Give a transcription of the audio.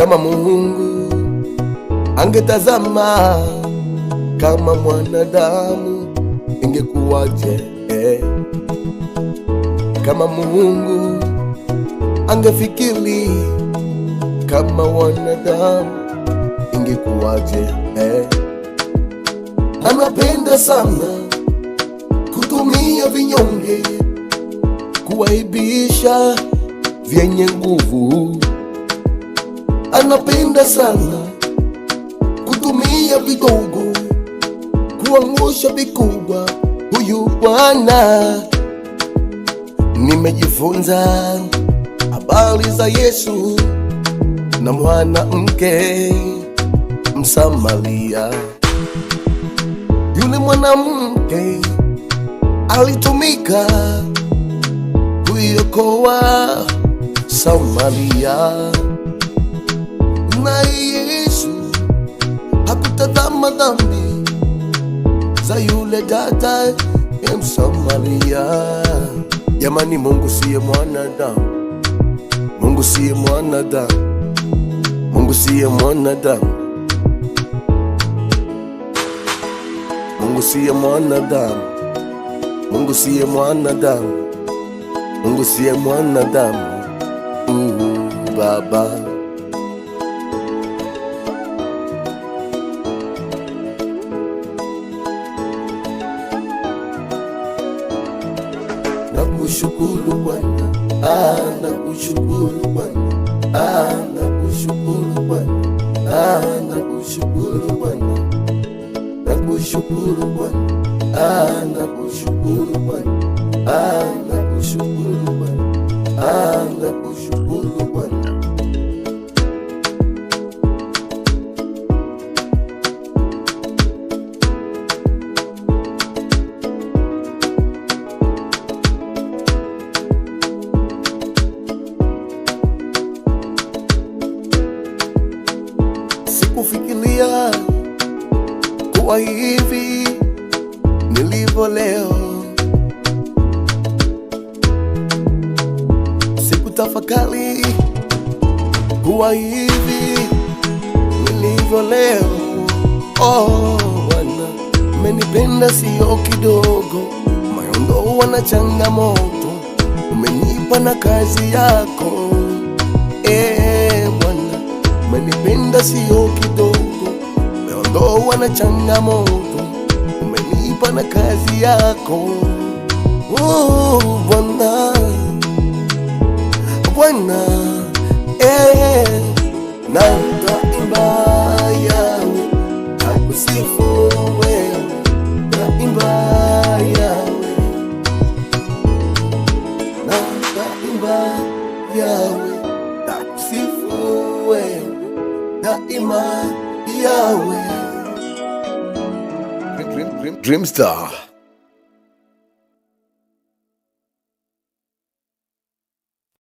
kama Mungu angetazama kama mwanadamu ingekuwaje? Eh? kama Mungu angefikiri kama wanadamu ingekuwaje? Eh? anapenda sana kutumia vinyonge kuwaibisha vyenye nguvu anapenda sana kutumia vigogo kuangusha vikubwa. Huyu bwana nimejifunza habari za Yesu na mwanamke Msamaria. Yule mwanamke alitumika kuiokoa Samaria naye Yesu hakutazama dhambi za yule dada ya e Msamaria. Jamani, Mungu siye mwanadamu, Mungu siye mwanadamu, Mungu siye mwanadamu, Mungu siye mwanadamu, Mungu siye mwanadamu, Mungu siye mwanadamu, Mungu siye mwanadamu, Baba kushukuru Bwana, ah, na kushukuru Bwana, ah, na kushukuru Bwana, ah, na kushukuru Bwana, na kushukuru Bwana, na kushukuru Bwana, na kushukuru kufikilia kuwa hivi nilivyo leo. Sikutafakari kuwa hivi nilivyo leo. Oh, Bwana umenipenda sio kidogo, mayondo wana changamoto, umenipa na kazi yako Kupenda sio kidogo, umeondoa na changamoto, umenipa na kazi yako. Oh, Bwana Bwana Ima Yahweh. Dream, dream, dream star.